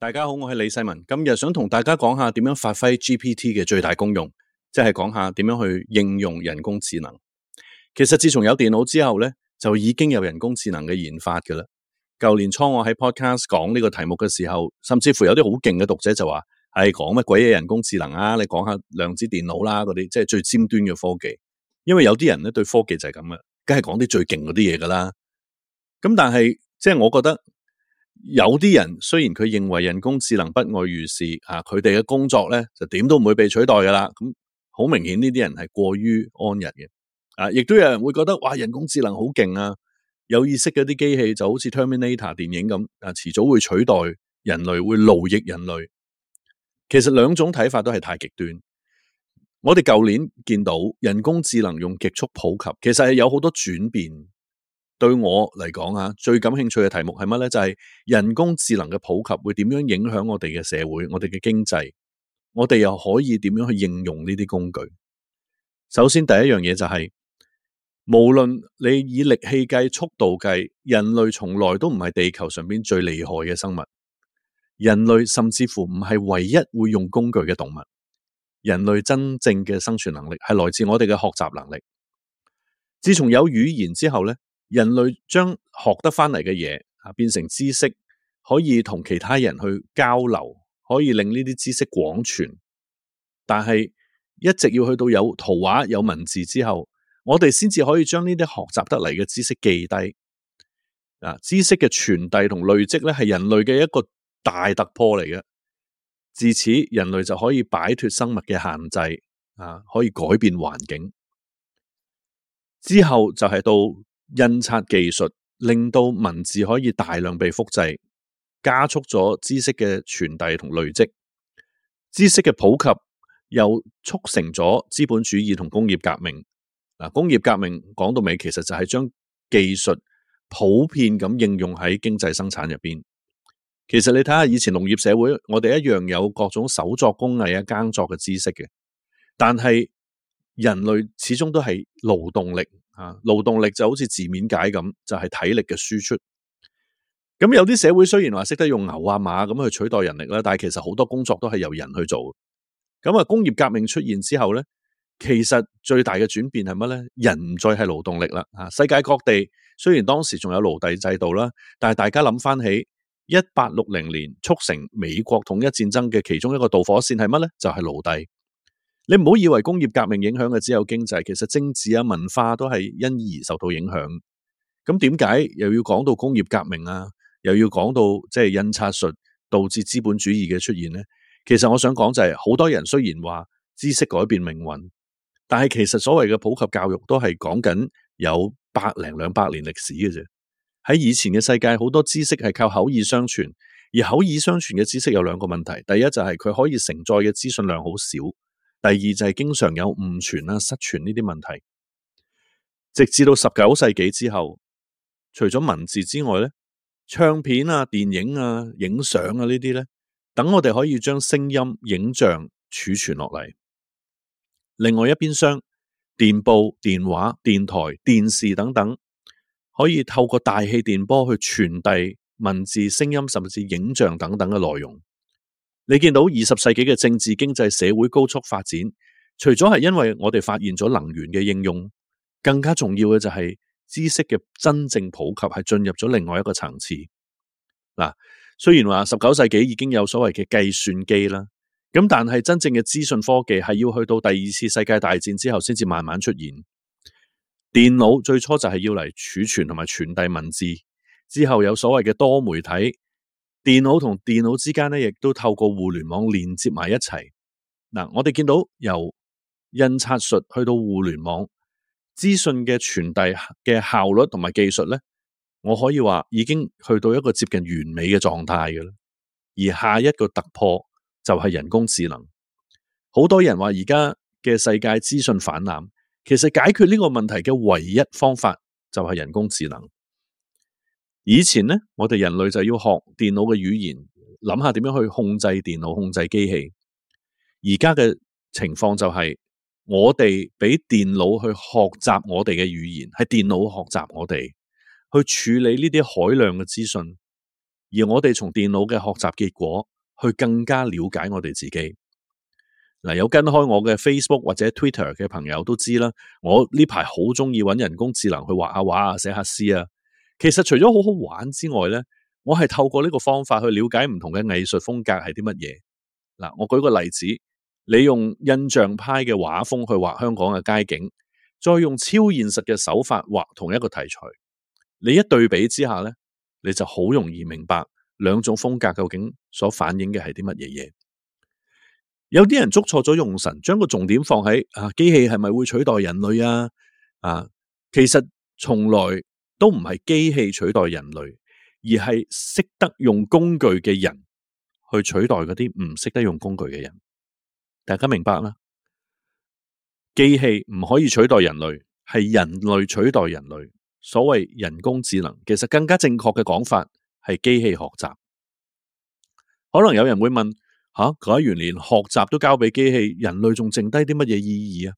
大家好，我係李世民。今日想同大家講下點樣發揮 GPT 嘅最大功用，即係講下點樣去應用人工智能。其實自從有電腦之後咧，就已經有人工智能嘅研發噶啦。舊年初我喺 Podcast 講呢個題目嘅時候，甚至乎有啲好勁嘅讀者就話：係、哎、講乜鬼嘢人工智能啊？你講下量子電腦啦，嗰啲即係最尖端嘅科技。因為有啲人咧對科技就係咁嘅，梗係講啲最勁嗰啲嘢噶啦。咁但係即係我覺得。有啲人雖然佢認為人工智能不外如是，啊佢哋嘅工作咧就點都唔會被取代噶啦，咁好明顯呢啲人係過於安逸嘅。啊，亦都、啊、有人會覺得哇人工智能好勁啊，有意識嗰啲機器就好似 Terminator 電影咁，啊遲早會取代人類，會奴役人類。其實兩種睇法都係太極端。我哋舊年見到人工智能用極速普及，其實係有好多轉變。對我嚟講啊，最感興趣嘅題目係乜呢？就係人工智能嘅普及會點樣影響我哋嘅社會、我哋嘅經濟，我哋又可以點樣去應用呢啲工具？首先第一樣嘢就係，無論你以力氣計、速度計，人類從來都唔係地球上邊最厲害嘅生物。人類甚至乎唔係唯一會用工具嘅動物。人類真正嘅生存能力係來自我哋嘅學習能力。自從有語言之後呢。人類將學得翻嚟嘅嘢啊，變成知識，可以同其他人去交流，可以令呢啲知識廣傳。但係一直要去到有圖畫、有文字之後，我哋先至可以將呢啲學習得嚟嘅知識記低。啊，知識嘅傳遞同累積咧，係人類嘅一個大突破嚟嘅。自此，人類就可以擺脫生物嘅限制啊，可以改變環境。啊，之後就係到。印刷技術令到文字可以大量被複製，加速咗知識嘅傳遞同累積。知識嘅普及又促成咗資本主義同工業革命。嗱，工業革命講到尾，其實就係將技術普遍咁應用喺經濟生產入邊。其實你睇下以前農業社會，我哋一樣有各種手作工藝啊、耕作嘅知識嘅，但係人類始終都係勞動力。啊，勞動力就好似字面解咁，就係體力嘅輸出。咁有啲社會雖然話識得用牛啊馬咁去取代人力啦，但係其實好多工作都係由人去做。咁啊，工業革命出現之後咧，其實最大嘅轉變係乜咧？人唔再係勞動力啦。啊，世界各地雖然當時仲有奴隸制度啦，但係大家諗翻起一八六零年促成美國統一戰爭嘅其中一個導火線係乜咧？就係奴隸。你唔好以為工業革命影響嘅只有經濟，其實政治啊、文化都係因而受到影響。咁點解又要講到工業革命啊？又要講到即係印刷術導致資本主義嘅出現呢？其實我想講就係，好多人雖然話知識改變命運，但係其實所謂嘅普及教育都係講緊有百零兩百年歷史嘅啫。喺以前嘅世界，好多知識係靠口耳相傳，而口耳相傳嘅知識有兩個問題：第一就係佢可以承載嘅資訊量好少。第二就係經常有誤傳啊、失傳呢啲問題，直至到十九世紀之後，除咗文字之外咧，唱片啊、電影啊、影相啊呢啲咧，等我哋可以將聲音、影像儲存落嚟。另外一邊廂，電報、電話、電台、電視等等，可以透過大氣電波去傳遞文字、聲音甚至影像等等嘅內容。你見到二十世紀嘅政治、經濟、社會高速發展，除咗係因為我哋發現咗能源嘅應用，更加重要嘅就係知識嘅真正普及係進入咗另外一個層次。嗱，雖然話十九世紀已經有所謂嘅計算機啦，咁但係真正嘅資訊科技係要去到第二次世界大戰之後先至慢慢出現。電腦最初就係要嚟儲存同埋傳遞文字，之後有所謂嘅多媒體。電腦同電腦之間咧，亦都透過互聯網連接埋一齊。嗱，我哋見到由印刷術去到互聯網，資訊嘅傳遞嘅效率同埋技術咧，我可以話已經去到一個接近完美嘅狀態嘅啦。而下一個突破就係人工智能。好多人話而家嘅世界資訊氾濫，其實解決呢個問題嘅唯一方法就係人工智能。以前咧，我哋人類就要學電腦嘅語言，諗下點樣去控制電腦、控制機器。而家嘅情況就係、是、我哋俾電腦去學習我哋嘅語言，係電腦學習我哋去處理呢啲海量嘅資訊，而我哋從電腦嘅學習結果去更加了解我哋自己。嗱、啊，有跟開我嘅 Facebook 或者 Twitter 嘅朋友都知啦，我呢排好中意揾人工智能去畫下畫啊、寫下詩啊。其實除咗好好玩之外咧，我係透過呢個方法去了解唔同嘅藝術風格係啲乜嘢。嗱，我舉個例子，你用印象派嘅畫風去畫香港嘅街景，再用超現實嘅手法畫同一個題材，你一對比之下咧，你就好容易明白兩種風格究竟所反映嘅係啲乜嘢嘢。有啲人捉錯咗用神，將個重點放喺啊機器係咪會取代人類啊？啊，其實從來。都唔係機器取代人類，而係識得用工具嘅人去取代嗰啲唔識得用工具嘅人。大家明白啦？機器唔可以取代人類，係人類取代人類。所謂人工智能，其實更加正確嘅講法係機器學習。可能有人會問：吓、啊，改完連學習都交俾機器，人類仲剩低啲乜嘢意義啊？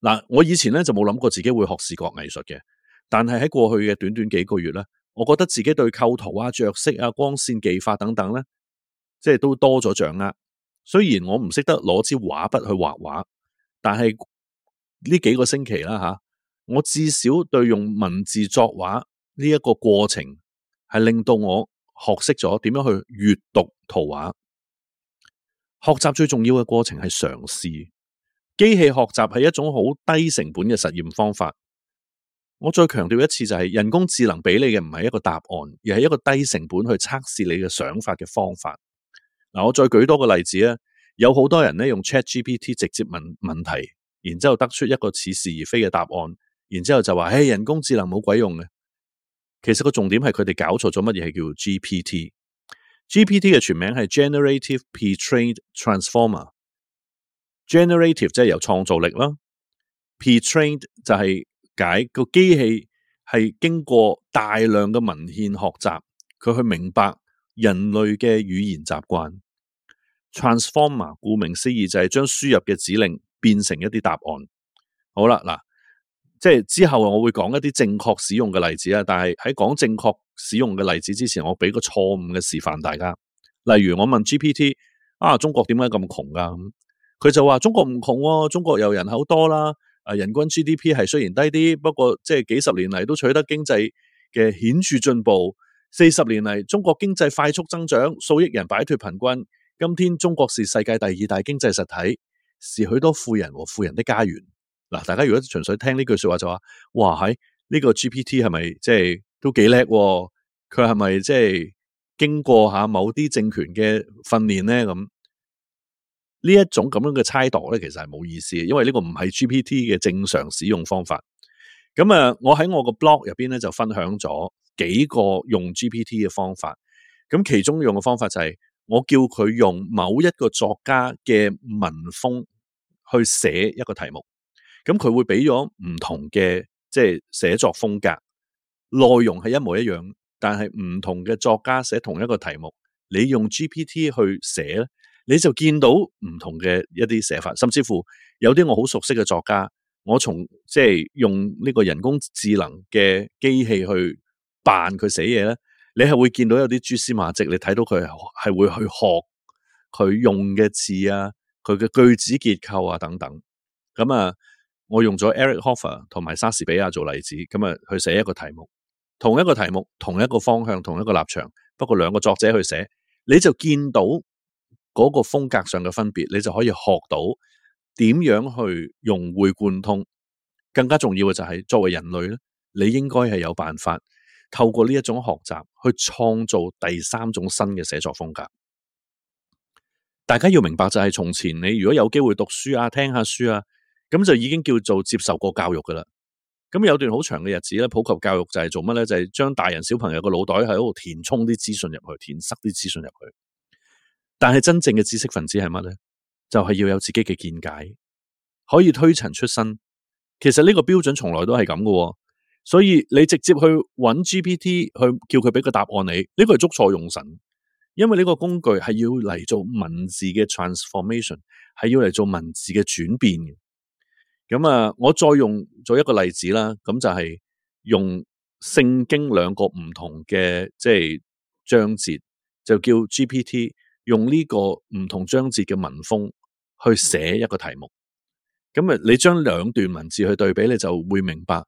嗱，我以前咧就冇諗過自己會學視覺藝術嘅。但係喺過去嘅短短幾個月咧，我覺得自己對構圖啊、着色啊、光線技法等等咧，即係都多咗掌握。雖然我唔識得攞支畫筆去畫畫，但係呢幾個星期啦吓，我至少對用文字作畫呢一個過程，係令到我學識咗點樣去閱讀圖畫。學習最重要嘅過程係嘗試。機器學習係一種好低成本嘅實驗方法。我再強調一次，就係人工智能俾你嘅唔係一個答案，而係一個低成本去測試你嘅想法嘅方法。嗱，我再舉多個例子啊！有好多人咧用 ChatGPT 直接問問題，然之後得出一個似是而非嘅答案，然之後就話：，誒，人工智能冇鬼用咧！其實個重點係佢哋搞錯咗乜嘢？係叫 GPT。GPT 嘅全名係 Generative Pre-trained Transformer。Generative 即係有創造力啦 Pre-trained 就係、是。解個機器係經過大量嘅文獻學習，佢去明白人類嘅語言習慣。Transformer 顧名思義就係、是、將輸入嘅指令變成一啲答案。好啦，嗱，即係之後我會講一啲正確使用嘅例子啊。但係喺講正確使用嘅例子之前，我俾個錯誤嘅示範大家。例如我問 GPT 啊，中國點解咁窮噶？佢就話中國唔窮，中國又、啊、人口多啦。啊，人均 GDP 係雖然低啲，不過即係幾十年嚟都取得經濟嘅顯著進步。四十年嚟，中國經濟快速增長，數億人擺脫貧困。今天中國是世界第二大經濟實體，是許多富人和富人的家園。嗱，大家如果純粹聽呢句話說話就話，哇，喺呢個 GPT 係咪即係都幾叻？佢係咪即係經過下某啲政權嘅訓練咧？咁，呢一種咁樣嘅猜度咧，其實係冇意思嘅，因為呢個唔係 GPT 嘅正常使用方法。咁、嗯、啊，我喺我個 blog 入邊咧就分享咗幾個用 GPT 嘅方法。咁、嗯、其中用嘅方法就係、是、我叫佢用某一個作家嘅文風去寫一個題目。咁、嗯、佢會俾咗唔同嘅即係寫作風格，內容係一模一樣，但係唔同嘅作家寫同一個題目，你用 GPT 去寫咧。你就見到唔同嘅一啲寫法，甚至乎有啲我好熟悉嘅作家，我從即係用呢個人工智能嘅機器去扮佢寫嘢咧，你係會見到有啲蛛絲馬跡，你睇到佢係會去學佢用嘅字啊，佢嘅句子結構啊等等。咁啊，我用咗 Eric Hoffer 同埋莎士比亞做例子，咁啊去寫一個題目，同一個題目，同一個方向，同一個立場，不過兩個作者去寫，你就見到。嗰個風格上嘅分別，你就可以學到點樣去融會貫通。更加重要嘅就係作為人類咧，你應該係有辦法透過呢一種學習去創造第三種新嘅寫作風格。大家要明白就係從前你如果有機會讀書啊、聽下書啊，咁就已經叫做接受過教育噶啦。咁有段好長嘅日子咧，普及教育就係做乜咧？就係將大人小朋友個腦袋喺度填充啲資訊入去，填塞啲資訊入去。但係真正嘅知識分子係乜咧？就係、是、要有自己嘅見解，可以推陳出新。其實呢個標準從來都係咁噶，所以你直接去搵 GPT 去叫佢俾個答案你，呢、這個係捉錯用神，因為呢個工具係要嚟做文字嘅 transformation，係要嚟做文字嘅轉變嘅。咁、嗯、啊，我再用做一個例子啦，咁就係用聖經兩個唔同嘅即係章節，就叫 GPT。用呢個唔同章節嘅文風去寫一個題目，咁啊，你將兩段文字去對比，你就會明白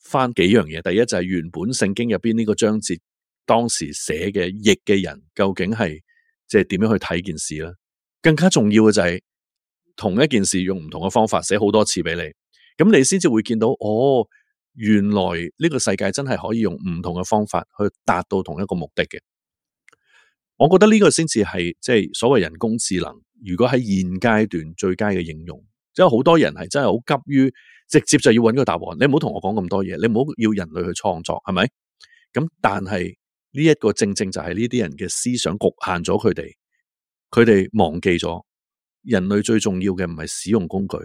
翻幾樣嘢。第一就係原本聖經入邊呢個章節當時寫嘅譯嘅人究竟係即係點樣去睇件事啦。更加重要嘅就係同一件事用唔同嘅方法寫好多次俾你，咁你先至會見到哦，原來呢個世界真係可以用唔同嘅方法去達到同一個目的嘅。我覺得呢個先至係即係所謂人工智能。如果喺現階段最佳嘅應用，即係好多人係真係好急於直接就要揾個答案。你唔好同我講咁多嘢，你唔好要要人類去創作，係咪？咁但係呢一個正正就係呢啲人嘅思想局限咗佢哋，佢哋忘記咗人類最重要嘅唔係使用工具，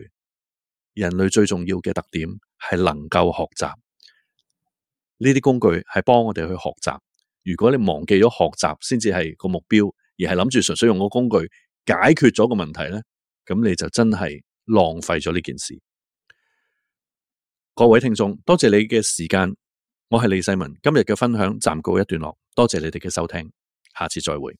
人類最重要嘅特點係能夠學習。呢啲工具係幫我哋去學習。如果你忘記咗學習，先至係個目標，而係諗住純粹用個工具解決咗個問題咧，咁你就真係浪費咗呢件事。各位聽眾，多謝你嘅時間，我係李世民，今日嘅分享暫告一段落，多謝你哋嘅收聽，下次再會。